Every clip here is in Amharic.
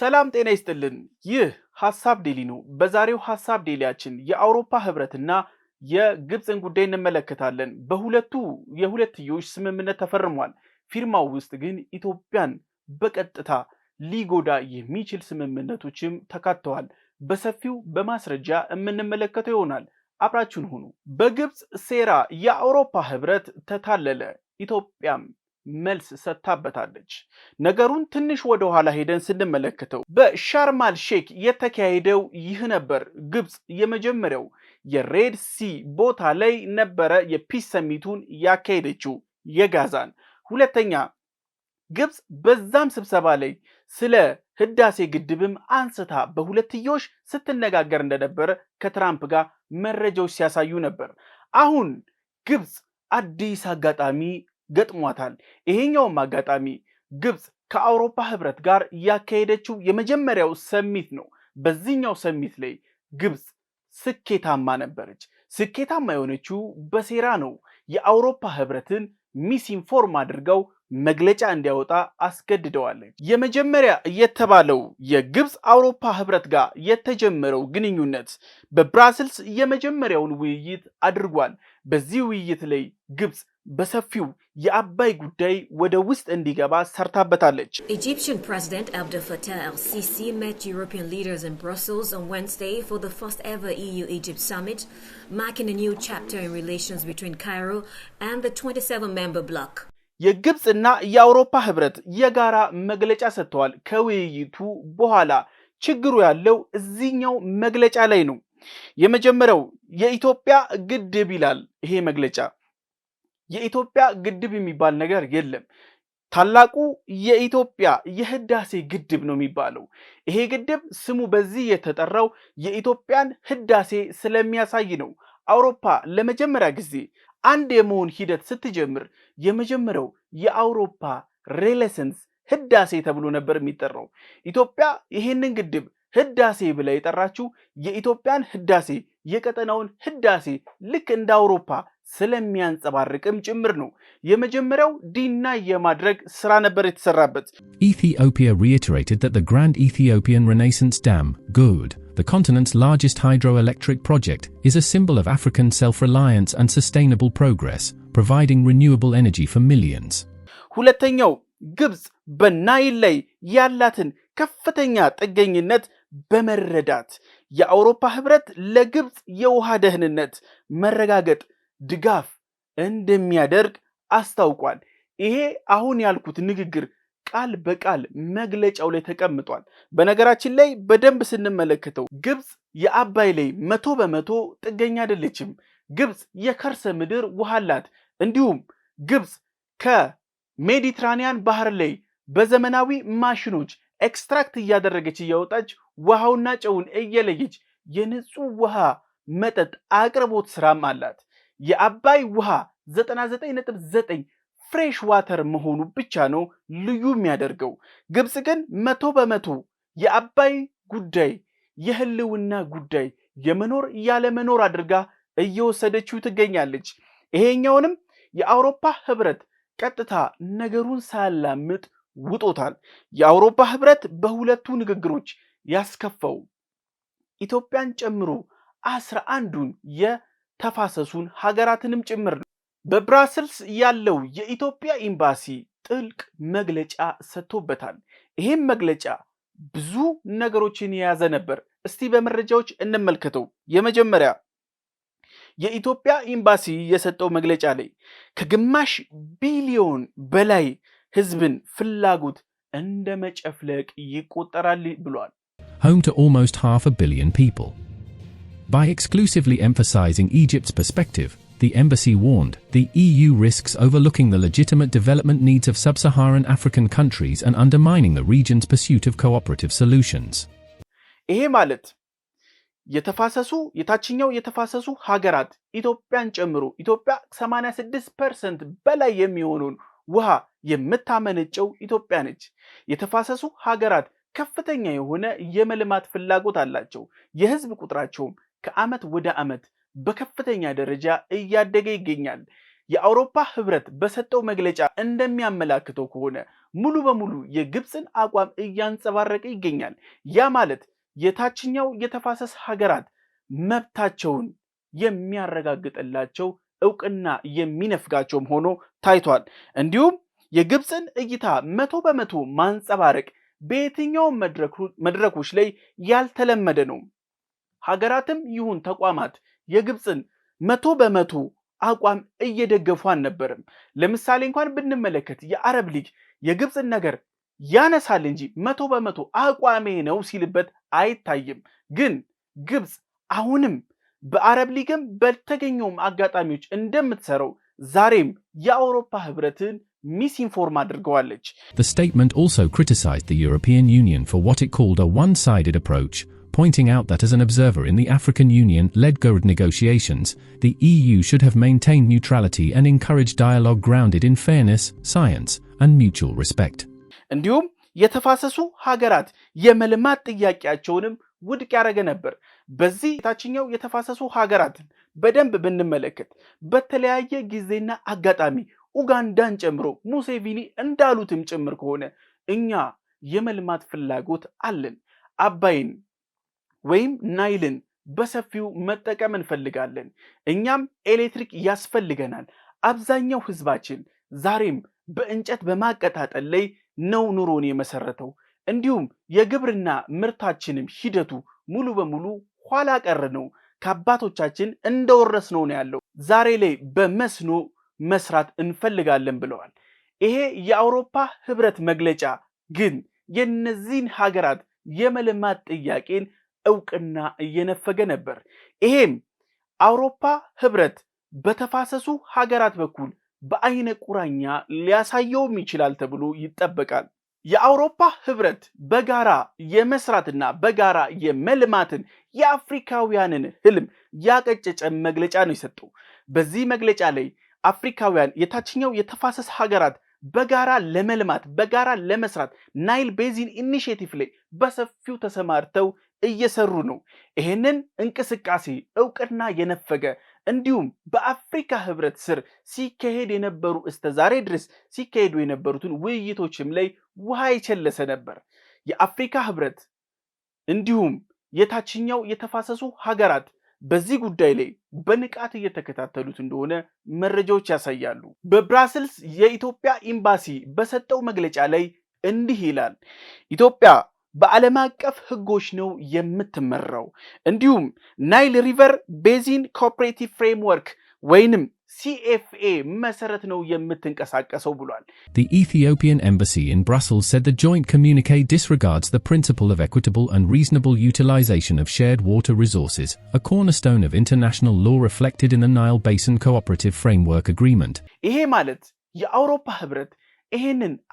ሰላም ጤና ይስጥልን። ይህ ሀሳብ ዴሊ ነው። በዛሬው ሀሳብ ዴሊያችን የአውሮፓ ህብረትና የግብፅን ጉዳይ እንመለከታለን። በሁለቱ የሁለትዮሽ ስምምነት ተፈርሟል። ፊርማው ውስጥ ግን ኢትዮጵያን በቀጥታ ሊጎዳ የሚችል ስምምነቶችም ተካተዋል። በሰፊው በማስረጃ የምንመለከተው ይሆናል። አብራችን ሁኑ። በግብፅ ሴራ የአውሮፓ ህብረት ተታለለ፣ ኢትዮጵያም መልስ ሰጥታበታለች። ነገሩን ትንሽ ወደ ኋላ ሄደን ስንመለከተው በሻርማል ሼክ የተካሄደው ይህ ነበር። ግብፅ የመጀመሪያው የሬድ ሲ ቦታ ላይ ነበረ የፒስ ሰሚቱን ያካሄደችው የጋዛን። ሁለተኛ ግብፅ በዛም ስብሰባ ላይ ስለ ህዳሴ ግድብም አንስታ በሁለትዮሽ ስትነጋገር እንደነበረ ከትራምፕ ጋር መረጃዎች ሲያሳዩ ነበር። አሁን ግብፅ አዲስ አጋጣሚ ገጥሟታል። ይሄኛውም አጋጣሚ ግብፅ ከአውሮፓ ህብረት ጋር ያካሄደችው የመጀመሪያው ሰሚት ነው። በዚህኛው ሰሚት ላይ ግብፅ ስኬታማ ነበረች። ስኬታማ የሆነችው በሴራ ነው። የአውሮፓ ህብረትን ሚስኢንፎርም አድርገው መግለጫ እንዲያወጣ አስገድደዋለች። የመጀመሪያ የተባለው የግብፅ አውሮፓ ህብረት ጋር የተጀመረው ግንኙነት በብራስልስ የመጀመሪያውን ውይይት አድርጓል። በዚህ ውይይት ላይ ግብፅ በሰፊው የአባይ ጉዳይ ወደ ውስጥ እንዲገባ ሰርታበታለች። ኢጂፕሽን ፕሬዚደንት አብደልፈታህ አልሲሲ ሜት ዩሮፒያን ሊደርስ ኢን ብሩስልስ ኦን ዌንስዴይ ፎር ዘ ፈርስት ኤቨር ኢዩ ኢጂፕት ሳሚት ማርኪንግ አ ኒው ቻፕተር ኢን ሪሌሽንስ ቢትዊን ካይሮ ኤንድ ዘ 27 ሜምበር ብሎክ። የግብፅና የአውሮፓ ህብረት የጋራ መግለጫ ሰጥተዋል። ከውይይቱ በኋላ ችግሩ ያለው እዚህኛው መግለጫ ላይ ነው። የመጀመሪያው የኢትዮጵያ ግድብ ይላል ይሄ መግለጫ የኢትዮጵያ ግድብ የሚባል ነገር የለም። ታላቁ የኢትዮጵያ የህዳሴ ግድብ ነው የሚባለው። ይሄ ግድብ ስሙ በዚህ የተጠራው የኢትዮጵያን ህዳሴ ስለሚያሳይ ነው። አውሮፓ ለመጀመሪያ ጊዜ አንድ የመሆን ሂደት ስትጀምር የመጀመሪያው የአውሮፓ ሬሌሰንስ ህዳሴ ተብሎ ነበር የሚጠራው። ኢትዮጵያ ይሄንን ግድብ ህዳሴ ብላ የጠራችው የኢትዮጵያን ህዳሴ የቀጠናውን ህዳሴ ልክ እንደ አውሮፓ ስለሚያንጸባርቅም ጭምር ነው። የመጀመሪያው ዲና የማድረግ ስራ ነበር የተሰራበት። ኢትዮጵያ reiterated that the Grand Ethiopian Renaissance Dam, GERD, the continent's largest hydroelectric project, is a symbol of African self-reliance and sustainable progress, providing renewable energy for millions. ሁለተኛው ግብፅ በናይል ላይ ያላትን ከፍተኛ ጥገኝነት በመረዳት የአውሮፓ ህብረት ለግብፅ የውሃ ደህንነት መረጋገጥ ድጋፍ እንደሚያደርግ አስታውቋል። ይሄ አሁን ያልኩት ንግግር ቃል በቃል መግለጫው ላይ ተቀምጧል። በነገራችን ላይ በደንብ ስንመለከተው ግብፅ የአባይ ላይ መቶ በመቶ ጥገኛ አይደለችም። ግብፅ የከርሰ ምድር ውሃ አላት። እንዲሁም ግብፅ ከሜዲትራኒያን ባህር ላይ በዘመናዊ ማሽኖች ኤክስትራክት እያደረገች እያወጣች ውሃውና ጨውን እየለየች የንጹህ ውሃ መጠጥ አቅርቦት ስራም አላት። የአባይ ውሃ 99.9 ፍሬሽ ዋተር መሆኑ ብቻ ነው ልዩ የሚያደርገው። ግብፅ ግን መቶ በመቶ የአባይ ጉዳይ የህልውና ጉዳይ የመኖር ያለመኖር አድርጋ እየወሰደችው ትገኛለች። ይሄኛውንም የአውሮፓ ህብረት ቀጥታ ነገሩን ሳያላምጥ ውጦታል። የአውሮፓ ህብረት በሁለቱ ንግግሮች ያስከፋው ኢትዮጵያን ጨምሮ አስራ አንዱን የተፋሰሱን ሀገራትንም ጭምር ነው። በብራስልስ ያለው የኢትዮጵያ ኤምባሲ ጥልቅ መግለጫ ሰጥቶበታል። ይህም መግለጫ ብዙ ነገሮችን የያዘ ነበር። እስቲ በመረጃዎች እንመልከተው። የመጀመሪያ የኢትዮጵያ ኤምባሲ የሰጠው መግለጫ ላይ ከግማሽ ቢሊዮን በላይ ሕዝብን ፍላጎት እንደ መጨፍለቅ ይቆጠራል ብሏል። home to almost half a billion people. By exclusively emphasizing Egypt's perspective, the embassy warned the EU risks overlooking the legitimate development needs of sub Saharan African countries and undermining the region's pursuit of cooperative solutions. ይሄ ማለት የተፋሰሱ የታችኛው የተፋሰሱ ሀገራት ኢትዮጵያን ጨምሮ ኢትዮጵያ 86 ፐርሰንት በላይ የሚሆነውን ውሃ የምታመነጨው ኢትዮጵያ ነች። የተፋሰሱ ሀገራት ከፍተኛ የሆነ የመልማት ፍላጎት አላቸው። የህዝብ ቁጥራቸውም ከዓመት ወደ ዓመት በከፍተኛ ደረጃ እያደገ ይገኛል። የአውሮፓ ህብረት በሰጠው መግለጫ እንደሚያመላክተው ከሆነ ሙሉ በሙሉ የግብፅን አቋም እያንጸባረቀ ይገኛል። ያ ማለት የታችኛው የተፋሰስ ሀገራት መብታቸውን የሚያረጋግጥላቸው እውቅና የሚነፍጋቸውም ሆኖ ታይቷል። እንዲሁም የግብፅን እይታ መቶ በመቶ ማንጸባረቅ በየትኛውም መድረኮች ላይ ያልተለመደ ነው። ሀገራትም ይሁን ተቋማት የግብፅን መቶ በመቶ አቋም እየደገፉ አልነበርም። ለምሳሌ እንኳን ብንመለከት የአረብ ሊግ የግብፅን ነገር ያነሳል እንጂ መቶ በመቶ አቋሜ ነው ሲልበት አይታይም። ግን ግብፅ አሁንም በአረብ ሊግም በተገኘውም አጋጣሚዎች እንደምትሰራው ዛሬም የአውሮፓ ህብረትን ሚስኢንፎርም አድርገዋለች። The statement also criticized the European Union for what it called a one-sided approach, pointing out that as an observer in the African Union-led GERD negotiations, the EU should have maintained neutrality and encouraged dialogue grounded in fairness, science, and mutual respect. እንዲሁም የተፋሰሱ ሀገራት የመልማት ጥያቄያቸውንም ውድቅ ያደረገ ነበር። በዚህ የታችኛው የተፋሰሱ ሀገራትን በደንብ ብንመለከት በተለያየ ጊዜና አጋጣሚ ኡጋንዳን ጨምሮ ሙሴቪኒ እንዳሉትም ጭምር ከሆነ እኛ የመልማት ፍላጎት አለን። አባይን ወይም ናይልን በሰፊው መጠቀም እንፈልጋለን። እኛም ኤሌክትሪክ ያስፈልገናል። አብዛኛው ህዝባችን ዛሬም በእንጨት በማቀጣጠል ላይ ነው ኑሮን የመሰረተው። እንዲሁም የግብርና ምርታችንም ሂደቱ ሙሉ በሙሉ ኋላ ቀር ነው። ከአባቶቻችን እንደወረስነው ነው ያለው። ዛሬ ላይ በመስኖ መስራት እንፈልጋለን ብለዋል። ይሄ የአውሮፓ ህብረት መግለጫ ግን የነዚህን ሀገራት የመልማት ጥያቄን እውቅና እየነፈገ ነበር። ይሄም አውሮፓ ህብረት በተፋሰሱ ሀገራት በኩል በአይነ ቁራኛ ሊያሳየውም ይችላል ተብሎ ይጠበቃል። የአውሮፓ ህብረት በጋራ የመስራትና በጋራ የመልማትን የአፍሪካውያንን ህልም ያቀጨጨ መግለጫ ነው የሰጠው። በዚህ መግለጫ ላይ አፍሪካውያን የታችኛው የተፋሰስ ሀገራት በጋራ ለመልማት በጋራ ለመስራት ናይል ቤዚን ኢኒሽቲቭ ላይ በሰፊው ተሰማርተው እየሰሩ ነው። ይህንን እንቅስቃሴ እውቅና የነፈገ እንዲሁም በአፍሪካ ህብረት ስር ሲካሄድ የነበሩ እስከ ዛሬ ድረስ ሲካሄዱ የነበሩትን ውይይቶችም ላይ ውሃ የቸለሰ ነበር። የአፍሪካ ህብረት እንዲሁም የታችኛው የተፋሰሱ ሀገራት በዚህ ጉዳይ ላይ በንቃት እየተከታተሉት እንደሆነ መረጃዎች ያሳያሉ። በብራስልስ የኢትዮጵያ ኤምባሲ በሰጠው መግለጫ ላይ እንዲህ ይላል። ኢትዮጵያ በዓለም አቀፍ ሕጎች ነው የምትመራው። እንዲሁም ናይል ሪቨር ቤዚን ኮኦፕሬቲቭ ፍሬምወርክ ወይንም ሲኤፍኤ መሰረት ነው የምትንቀሳቀሰው ብሏል። The Ethiopian embassy in Brussels said the joint communique disregards the principle of equitable and reasonable utilization of shared water resources, a cornerstone of international law reflected in the Nile Basin Cooperative Framework Agreement. ይሄ ማለት የአውሮፓ ህብረት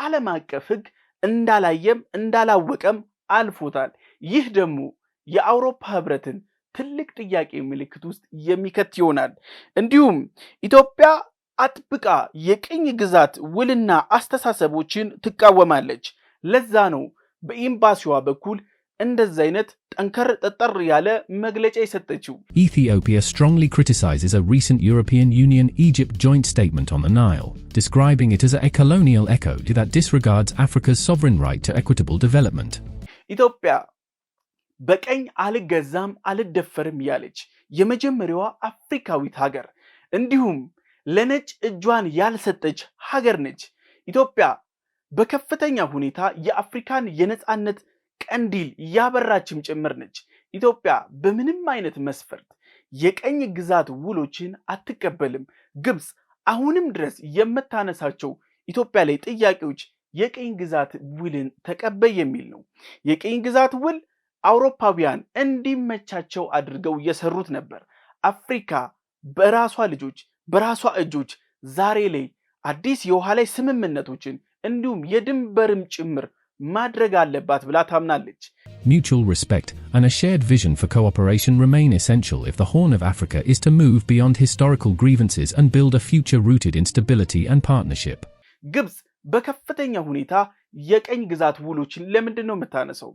ዓለም አቀፍ ህግ እንዳላየም እንዳላወቀም አልፎታል። ይህ ደግሞ የአውሮፓ ህብረትን ትልቅ ጥያቄ ምልክት ውስጥ የሚከት ይሆናል። እንዲሁም ኢትዮጵያ አጥብቃ የቅኝ ግዛት ውልና አስተሳሰቦችን ትቃወማለች። ለዛ ነው በኤምባሲዋ በኩል አይነት ጠንከር ጠጠር ያለ መግለጫ የሰጠችው። Ethiopia strongly criticizes a recent European Union Egypt joint statement on the Nile, describing it as a colonial echo that disregards Africa's sovereign right to equitable development. ኢትዮጵያ በቀኝ አልገዛም አልደፈርም ያለች የመጀመሪያዋ አፍሪካዊት ሀገር እንዲሁም ለነጭ እጇን ያልሰጠች ሀገር ነች። ኢትዮጵያ በከፍተኛ ሁኔታ የአፍሪካን የነፃነት ቀንዲል ያበራችም ጭምር ነች። ኢትዮጵያ በምንም አይነት መስፈርት የቀኝ ግዛት ውሎችን አትቀበልም። ግብፅ አሁንም ድረስ የምታነሳቸው ኢትዮጵያ ላይ ጥያቄዎች የቀኝ ግዛት ውልን ተቀበይ የሚል ነው። የቀኝ ግዛት ውል አውሮፓውያን እንዲመቻቸው አድርገው እየሰሩት ነበር። አፍሪካ በራሷ ልጆች በራሷ እጆች ዛሬ ላይ አዲስ የውሃ ላይ ስምምነቶችን እንዲሁም የድንበርም ጭምር ማድረግ አለባት ብላ ታምናለች። Mutual respect and a shared vision for cooperation remain essential if the Horn of Africa is to move beyond historical grievances and build a future rooted in stability and partnership. ግብፅ በከፍተኛ ሁኔታ የቀኝ ግዛት ውሎችን ለምንድን ነው የምታነሰው?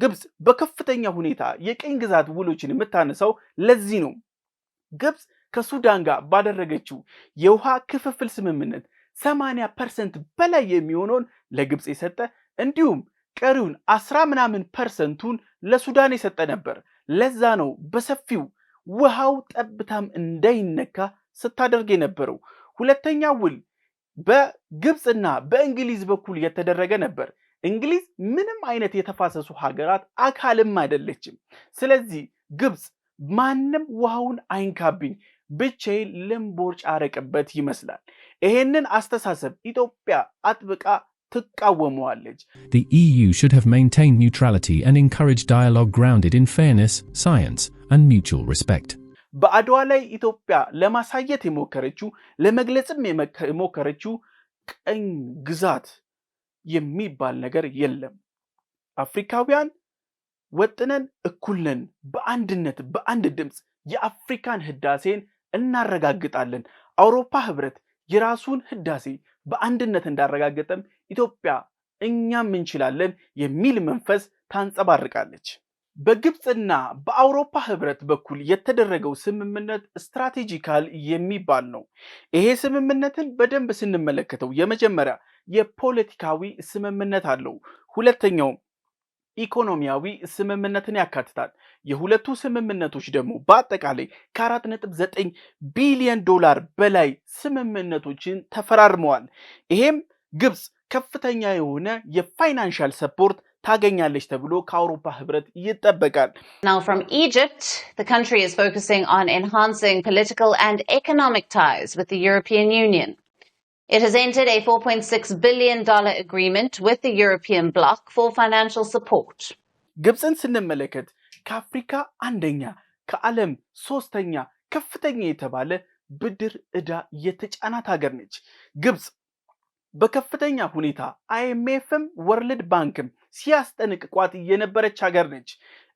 ግብፅ በከፍተኛ ሁኔታ የቀኝ ግዛት ውሎችን የምታነሳው ለዚህ ነው። ግብፅ ከሱዳን ጋር ባደረገችው የውሃ ክፍፍል ስምምነት 80 ፐርሰንት በላይ የሚሆነውን ለግብፅ የሰጠ እንዲሁም ቀሪውን አስራ ምናምን ፐርሰንቱን ለሱዳን የሰጠ ነበር። ለዛ ነው በሰፊው ውሃው ጠብታም እንዳይነካ ስታደርግ የነበረው። ሁለተኛ ውል በግብፅና በእንግሊዝ በኩል የተደረገ ነበር። እንግሊዝ ምንም አይነት የተፋሰሱ ሀገራት አካልም አይደለችም። ስለዚህ ግብፅ ማንም ውሃውን አይንካብኝ ብቻዬን ልንቦርጭ አረቅበት ይመስላል። ይሄንን አስተሳሰብ ኢትዮጵያ አጥብቃ ትቃወመዋለች። The EU should have maintained neutrality and encouraged dialogue grounded in fairness, science and mutual respect. በአድዋ ላይ ኢትዮጵያ ለማሳየት የሞከረችው ለመግለጽም የሞከረችው ቀኝ ግዛት የሚባል ነገር የለም። አፍሪካውያን ወጥነን እኩልነን በአንድነት በአንድ ድምፅ የአፍሪካን ህዳሴን እናረጋግጣለን። አውሮፓ ህብረት የራሱን ህዳሴ በአንድነት እንዳረጋገጠም ኢትዮጵያ እኛም እንችላለን የሚል መንፈስ ታንጸባርቃለች። በግብፅና በአውሮፓ ህብረት በኩል የተደረገው ስምምነት ስትራቴጂካል የሚባል ነው። ይሄ ስምምነትን በደንብ ስንመለከተው የመጀመሪያ የፖለቲካዊ ስምምነት አለው። ሁለተኛውም ኢኮኖሚያዊ ስምምነትን ያካትታል። የሁለቱ ስምምነቶች ደግሞ በአጠቃላይ ከአራት ነጥብ ዘጠኝ ቢሊዮን ዶላር በላይ ስምምነቶችን ተፈራርመዋል። ይሄም ግብፅ ከፍተኛ የሆነ የፋይናንሻል ሰፖርት ታገኛለች ተብሎ ከአውሮፓ ህብረት ይጠበቃል። It has entered a $4.6 billion agreement with the European bloc for financial support. ግብፅን ስንመለከት ከአፍሪካ አንደኛ፣ ከዓለም ሶስተኛ ከፍተኛ የተባለ ብድር ዕዳ የተጫናት ሀገር ነች። ግብፅ በከፍተኛ ሁኔታ አይኤምኤፍም ወርልድ ባንክም ሲያስጠነቅቋት የነበረች ሀገር ነች።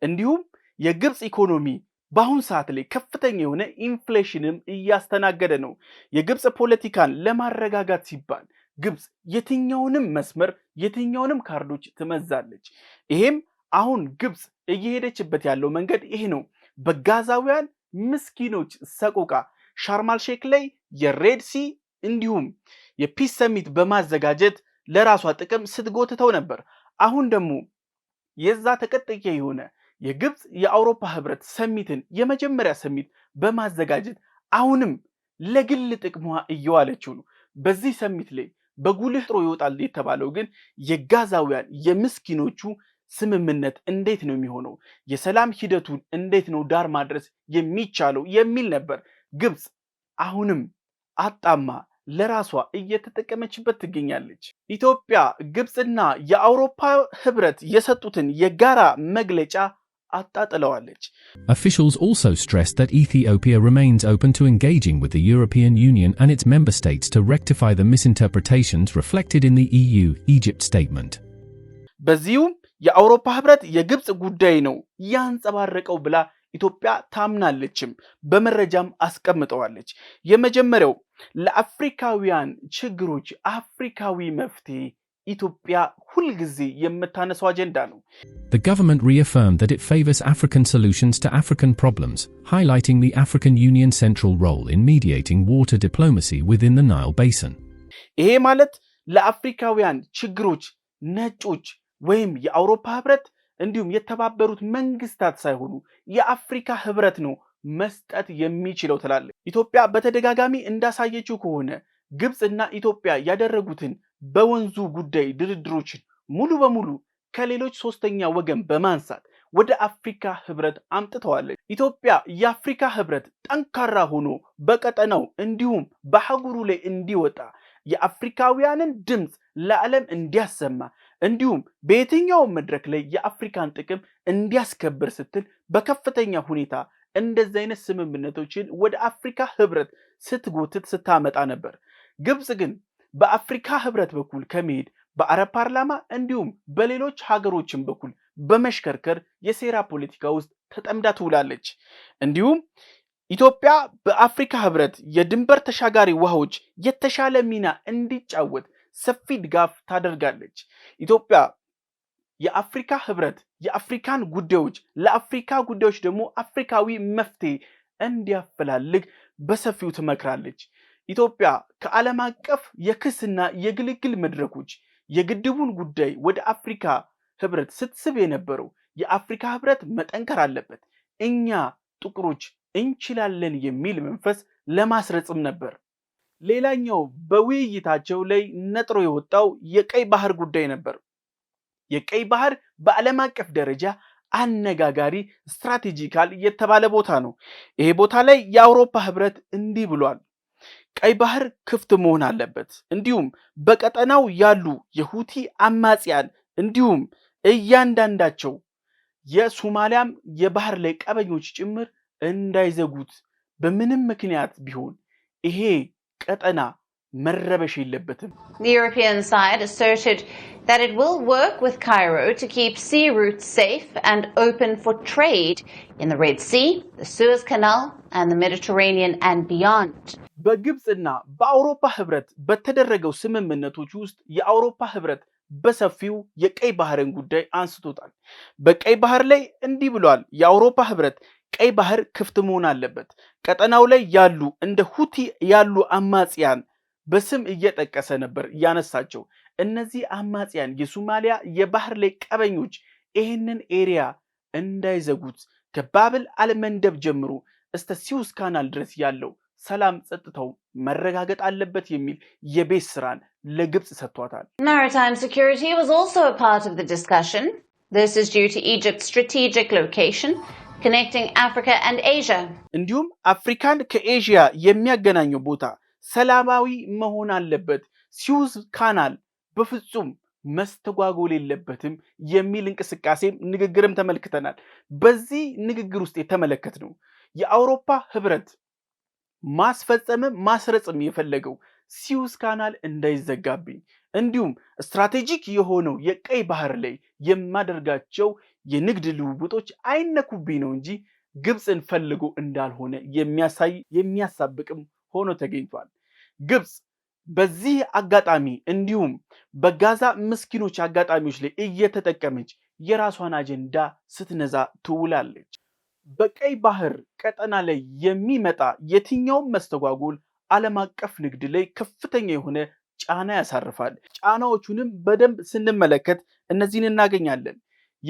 እንዲሁም የግብፅ ኢኮኖሚ በአሁን ሰዓት ላይ ከፍተኛ የሆነ ኢንፍሌሽንም እያስተናገደ ነው። የግብፅ ፖለቲካን ለማረጋጋት ሲባል ግብፅ የትኛውንም መስመር የትኛውንም ካርዶች ትመዛለች። ይሄም አሁን ግብፅ እየሄደችበት ያለው መንገድ ይሄ ነው። በጋዛውያን ምስኪኖች ሰቆቃ ሻርማል ሼክ ላይ የሬድ ሲ እንዲሁም የፒስ ሰሚት በማዘጋጀት ለራሷ ጥቅም ስትጎትተው ነበር። አሁን ደግሞ የዛ ተቀጥያ የሆነ የግብፅ የአውሮፓ ህብረት ሰሚትን የመጀመሪያ ሰሚት በማዘጋጀት አሁንም ለግል ጥቅሟ እየዋለችው ነው። በዚህ ሰሚት ላይ በጉልህ ጥሮ ይወጣል የተባለው ግን የጋዛውያን የምስኪኖቹ ስምምነት እንዴት ነው የሚሆነው፣ የሰላም ሂደቱን እንዴት ነው ዳር ማድረስ የሚቻለው የሚል ነበር። ግብፅ አሁንም አጣማ ለራሷ እየተጠቀመችበት ትገኛለች። ኢትዮጵያ፣ ግብፅና የአውሮፓ ህብረት የሰጡትን የጋራ መግለጫ አጣጥለዋለች። Officials also stressed that Ethiopia remains open to engaging with the European Union and its member states to rectify the misinterpretations reflected in the EU Egypt statement. በዚሁም የአውሮፓ ህብረት የግብፅ ጉዳይ ነው ያንጸባረቀው ብላ ኢትዮጵያ ታምናለችም በመረጃም አስቀምጠዋለች። የመጀመሪያው ለአፍሪካውያን ችግሮች አፍሪካዊ መፍትሄ ኢትዮጵያ ሁልጊዜ የምታነሰው አጀንዳ ነው። The government reaffirmed that it favors African solutions to African problems, highlighting the African Union central role in mediating water diplomacy within the Nile Basin. ይሄ ማለት ለአፍሪካውያን ችግሮች ነጮች ወይም የአውሮፓ ህብረት እንዲሁም የተባበሩት መንግስታት ሳይሆኑ የአፍሪካ ህብረት ነው መስጠት የሚችለው ትላለች። ኢትዮጵያ በተደጋጋሚ እንዳሳየችው ከሆነ ግብፅና ኢትዮጵያ ያደረጉትን በወንዙ ጉዳይ ድርድሮችን ሙሉ በሙሉ ከሌሎች ሶስተኛ ወገን በማንሳት ወደ አፍሪካ ህብረት አምጥተዋለች። ኢትዮጵያ የአፍሪካ ህብረት ጠንካራ ሆኖ በቀጠናው እንዲሁም በአህጉሩ ላይ እንዲወጣ የአፍሪካውያንን ድምፅ ለዓለም እንዲያሰማ እንዲሁም በየትኛውም መድረክ ላይ የአፍሪካን ጥቅም እንዲያስከብር ስትል በከፍተኛ ሁኔታ እንደዚህ አይነት ስምምነቶችን ወደ አፍሪካ ህብረት ስትጎትት ስታመጣ ነበር። ግብፅ ግን በአፍሪካ ህብረት በኩል ከመሄድ በአረብ ፓርላማ እንዲሁም በሌሎች ሀገሮችን በኩል በመሽከርከር የሴራ ፖለቲካ ውስጥ ተጠምዳ ትውላለች። እንዲሁም ኢትዮጵያ በአፍሪካ ህብረት የድንበር ተሻጋሪ ውሃዎች የተሻለ ሚና እንዲጫወት ሰፊ ድጋፍ ታደርጋለች። ኢትዮጵያ የአፍሪካ ህብረት የአፍሪካን ጉዳዮች ለአፍሪካ ጉዳዮች ደግሞ አፍሪካዊ መፍትሄ እንዲያፈላልግ በሰፊው ትመክራለች። ኢትዮጵያ ከዓለም አቀፍ የክስና የግልግል መድረኮች የግድቡን ጉዳይ ወደ አፍሪካ ህብረት ስትስብ የነበረው የአፍሪካ ህብረት መጠንከር አለበት፣ እኛ ጥቁሮች እንችላለን የሚል መንፈስ ለማስረጽም ነበር። ሌላኛው በውይይታቸው ላይ ነጥሮ የወጣው የቀይ ባህር ጉዳይ ነበር። የቀይ ባህር በዓለም አቀፍ ደረጃ አነጋጋሪ ስትራቴጂካል የተባለ ቦታ ነው። ይሄ ቦታ ላይ የአውሮፓ ህብረት እንዲህ ብሏል። ቀይ ባህር ክፍት መሆን አለበት። እንዲሁም በቀጠናው ያሉ የሁቲ አማጽያን እንዲሁም እያንዳንዳቸው የሶማሊያም የባህር ላይ ቀበኞች ጭምር እንዳይዘጉት በምንም ምክንያት ቢሆን ይሄ ቀጠና መረበሽ የለበትም። and the Mediterranean and beyond. በግብፅና በአውሮፓ ህብረት በተደረገው ስምምነቶች ውስጥ የአውሮፓ ህብረት በሰፊው የቀይ ባህርን ጉዳይ አንስቶታል። በቀይ ባህር ላይ እንዲህ ብሏል። የአውሮፓ ህብረት ቀይ ባህር ክፍት መሆን አለበት። ቀጠናው ላይ ያሉ እንደ ሁቲ ያሉ አማጽያን በስም እየጠቀሰ ነበር እያነሳቸው እነዚህ አማጽያን የሱማሊያ የባህር ላይ ቀበኞች ይህንን ኤሪያ እንዳይዘጉት ከባብል አልመንደብ ጀምሮ እስከ ስዩዝ ካናል ድረስ ያለው ሰላም ጸጥታው መረጋገጥ አለበት የሚል የቤት ስራን ለግብፅ ሰጥቷታል። ማሪታይም ሴኩሪቲ ዋዝ ኦልሶ አ ፓርት ኦፍ ዘ ዲስካሽን ዚስ ኢዝ ዲው ቱ ስትራቴጂክ ሎኬሽን ኮኔክቲንግ አፍሪካ ኤንድ ኤዥያ እንዲሁም አፍሪካን ከኤዥያ የሚያገናኘው ቦታ ሰላማዊ መሆን አለበት፣ ሲውዝ ካናል በፍጹም መስተጓጎል የለበትም የሚል እንቅስቃሴም ንግግርም ተመልክተናል። በዚህ ንግግር ውስጥ የተመለከት ነው የአውሮፓ ህብረት ማስፈጸም ማስረጽም የፈለገው ሲዩስ ካናል እንዳይዘጋብኝ እንዲሁም ስትራቴጂክ የሆነው የቀይ ባህር ላይ የማደርጋቸው የንግድ ልውውጦች አይነኩብኝ ነው እንጂ ግብፅን ፈልጎ እንዳልሆነ የሚያሳይ የሚያሳብቅም ሆኖ ተገኝቷል። ግብፅ በዚህ አጋጣሚ እንዲሁም በጋዛ ምስኪኖች አጋጣሚዎች ላይ እየተጠቀመች የራሷን አጀንዳ ስትነዛ ትውላለች። በቀይ ባህር ቀጠና ላይ የሚመጣ የትኛውም መስተጓጎል ዓለም አቀፍ ንግድ ላይ ከፍተኛ የሆነ ጫና ያሳርፋል። ጫናዎቹንም በደንብ ስንመለከት እነዚህን እናገኛለን።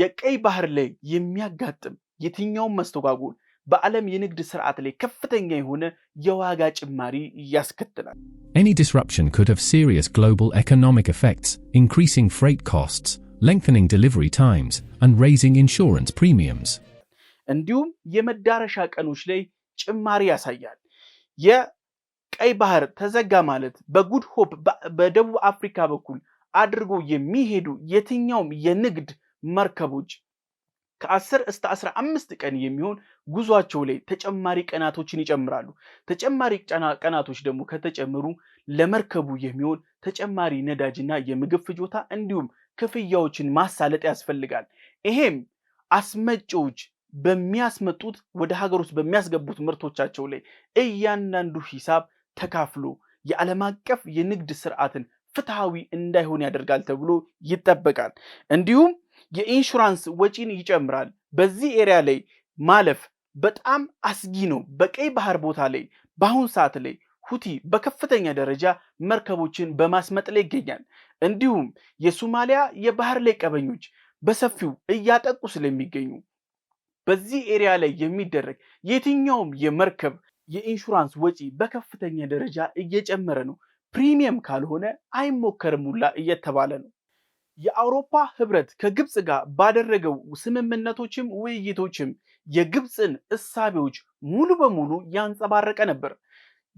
የቀይ ባህር ላይ የሚያጋጥም የትኛውም መስተጓጎል በዓለም የንግድ ስርዓት ላይ ከፍተኛ የሆነ የዋጋ ጭማሪ ያስከትላል። Any disruption could have serious global economic effects, increasing freight costs, lengthening delivery times, and raising insurance premiums. እንዲሁም የመዳረሻ ቀኖች ላይ ጭማሪ ያሳያል። የቀይ ባህር ተዘጋ ማለት በጉድ ሆፕ በደቡብ አፍሪካ በኩል አድርጎ የሚሄዱ የትኛውም የንግድ መርከቦች ከ10 እስከ 15 ቀን የሚሆን ጉዟቸው ላይ ተጨማሪ ቀናቶችን ይጨምራሉ። ተጨማሪ ቀናቶች ደግሞ ከተጨመሩ ለመርከቡ የሚሆን ተጨማሪ ነዳጅና የምግብ ፍጆታ እንዲሁም ክፍያዎችን ማሳለጥ ያስፈልጋል። ይሄም አስመጪዎች በሚያስመጡት ወደ ሀገር ውስጥ በሚያስገቡት ምርቶቻቸው ላይ እያንዳንዱ ሂሳብ ተካፍሎ የዓለም አቀፍ የንግድ ስርዓትን ፍትሐዊ እንዳይሆን ያደርጋል ተብሎ ይጠበቃል። እንዲሁም የኢንሹራንስ ወጪን ይጨምራል። በዚህ ኤሪያ ላይ ማለፍ በጣም አስጊ ነው። በቀይ ባህር ቦታ ላይ በአሁን ሰዓት ላይ ሁቲ በከፍተኛ ደረጃ መርከቦችን በማስመጥ ላይ ይገኛል። እንዲሁም የሶማሊያ የባህር ላይ ቀበኞች በሰፊው እያጠቁ ስለሚገኙ በዚህ ኤሪያ ላይ የሚደረግ የትኛውም የመርከብ የኢንሹራንስ ወጪ በከፍተኛ ደረጃ እየጨመረ ነው። ፕሪሚየም ካልሆነ አይሞከርም ሁላ እየተባለ ነው። የአውሮፓ ህብረት ከግብፅ ጋር ባደረገው ስምምነቶችም ውይይቶችም የግብፅን እሳቤዎች ሙሉ በሙሉ ያንጸባረቀ ነበር።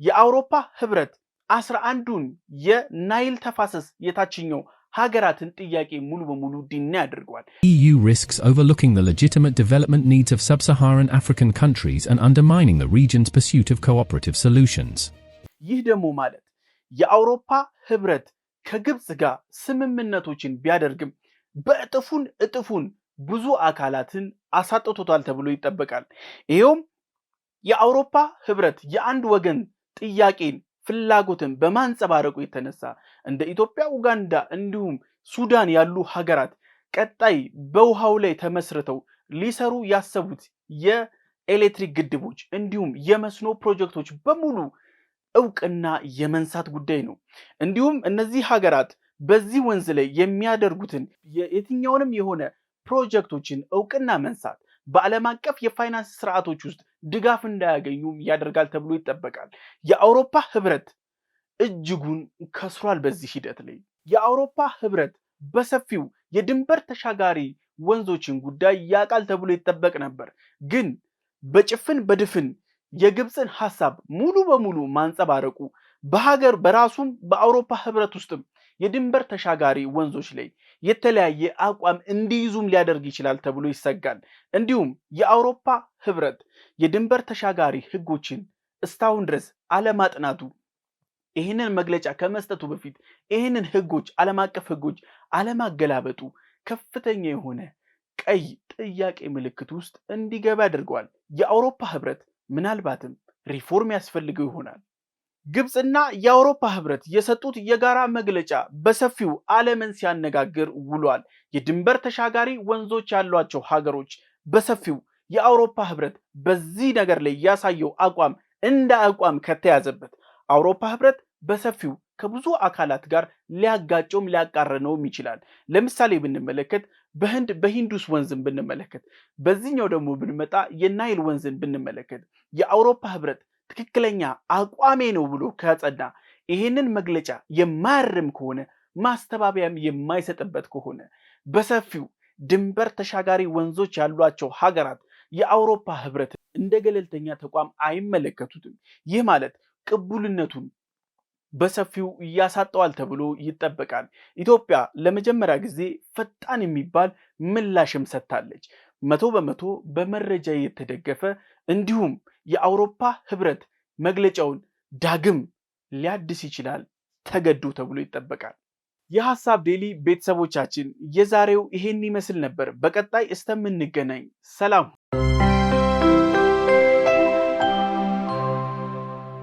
የአውሮፓ ህብረት አስራ አንዱን የናይል ተፋሰስ የታችኛው ሀገራትን ጥያቄ ሙሉ በሙሉ ዲና ያደርገዋል። ኢዩ ሪስክስ ኦቨርሉኪንግ ዘ ሌጂቲመት ዲቨሎፕመንት ኒድስ ኦፍ ሰብሳሃራን አፍሪካን ካንትሪስ አንድ አንደርማይኒንግ ዘ ሪጅንስ ፐርሱት ኦፍ ኮኦፐሬቲቭ ሶሉሽንስ። ይህ ደግሞ ማለት የአውሮፓ ህብረት ከግብጽ ጋር ስምምነቶችን ቢያደርግም በእጥፉን እጥፉን ብዙ አካላትን አሳጥቶታል ተብሎ ይጠበቃል። ይኸውም የአውሮፓ ህብረት የአንድ ወገን ጥያቄን ፍላጎትን በማንጸባረቁ የተነሳ እንደ ኢትዮጵያ፣ ኡጋንዳ እንዲሁም ሱዳን ያሉ ሀገራት ቀጣይ በውሃው ላይ ተመስርተው ሊሰሩ ያሰቡት የኤሌክትሪክ ግድቦች እንዲሁም የመስኖ ፕሮጀክቶች በሙሉ እውቅና የመንሳት ጉዳይ ነው። እንዲሁም እነዚህ ሀገራት በዚህ ወንዝ ላይ የሚያደርጉትን የትኛውንም የሆነ ፕሮጀክቶችን እውቅና መንሳት በዓለም አቀፍ የፋይናንስ ስርዓቶች ውስጥ ድጋፍ እንዳያገኙም ያደርጋል ተብሎ ይጠበቃል። የአውሮፓ ህብረት እጅጉን ከስሯል በዚህ ሂደት ላይ። የአውሮፓ ህብረት በሰፊው የድንበር ተሻጋሪ ወንዞችን ጉዳይ ያውቃል ተብሎ ይጠበቅ ነበር። ግን በጭፍን በድፍን የግብፅን ሀሳብ ሙሉ በሙሉ ማንጸባረቁ በሀገር በራሱም በአውሮፓ ህብረት ውስጥም የድንበር ተሻጋሪ ወንዞች ላይ የተለያየ አቋም እንዲይዙም ሊያደርግ ይችላል ተብሎ ይሰጋል። እንዲሁም የአውሮፓ ህብረት የድንበር ተሻጋሪ ህጎችን እስካሁን ድረስ አለማጥናቱ ይህንን መግለጫ ከመስጠቱ በፊት ይህንን ህጎች ዓለም አቀፍ ህጎች አለማገላበጡ ከፍተኛ የሆነ ቀይ ጥያቄ ምልክት ውስጥ እንዲገባ ያደርገዋል። የአውሮፓ ህብረት ምናልባትም ሪፎርም ያስፈልገው ይሆናል። ግብፅና የአውሮፓ ህብረት የሰጡት የጋራ መግለጫ በሰፊው ዓለምን ሲያነጋግር ውሏል። የድንበር ተሻጋሪ ወንዞች ያሏቸው ሀገሮች በሰፊው የአውሮፓ ህብረት በዚህ ነገር ላይ ያሳየው አቋም እንደ አቋም ከተያዘበት አውሮፓ ህብረት በሰፊው ከብዙ አካላት ጋር ሊያጋጨውም ሊያቃረነውም ይችላል። ለምሳሌ ብንመለከት በህንድ በሂንዱስ ወንዝን ብንመለከት፣ በዚህኛው ደግሞ ብንመጣ የናይል ወንዝን ብንመለከት የአውሮፓ ህብረት ትክክለኛ አቋሜ ነው ብሎ ከጸና ይህንን መግለጫ የማያርም ከሆነ ማስተባበያም የማይሰጥበት ከሆነ በሰፊው ድንበር ተሻጋሪ ወንዞች ያሏቸው ሀገራት የአውሮፓ ህብረት እንደ ገለልተኛ ተቋም አይመለከቱትም። ይህ ማለት ቅቡልነቱን በሰፊው እያሳጠዋል ተብሎ ይጠበቃል። ኢትዮጵያ ለመጀመሪያ ጊዜ ፈጣን የሚባል ምላሽም ሰጥታለች። መቶ በመቶ በመረጃ የተደገፈ እንዲሁም የአውሮፓ ህብረት መግለጫውን ዳግም ሊያድስ ይችላል ተገዶ ተብሎ ይጠበቃል። የሀሳብ ዴሊ ቤተሰቦቻችን የዛሬው ይሄን ይመስል ነበር። በቀጣይ እስከምንገናኝ ሰላም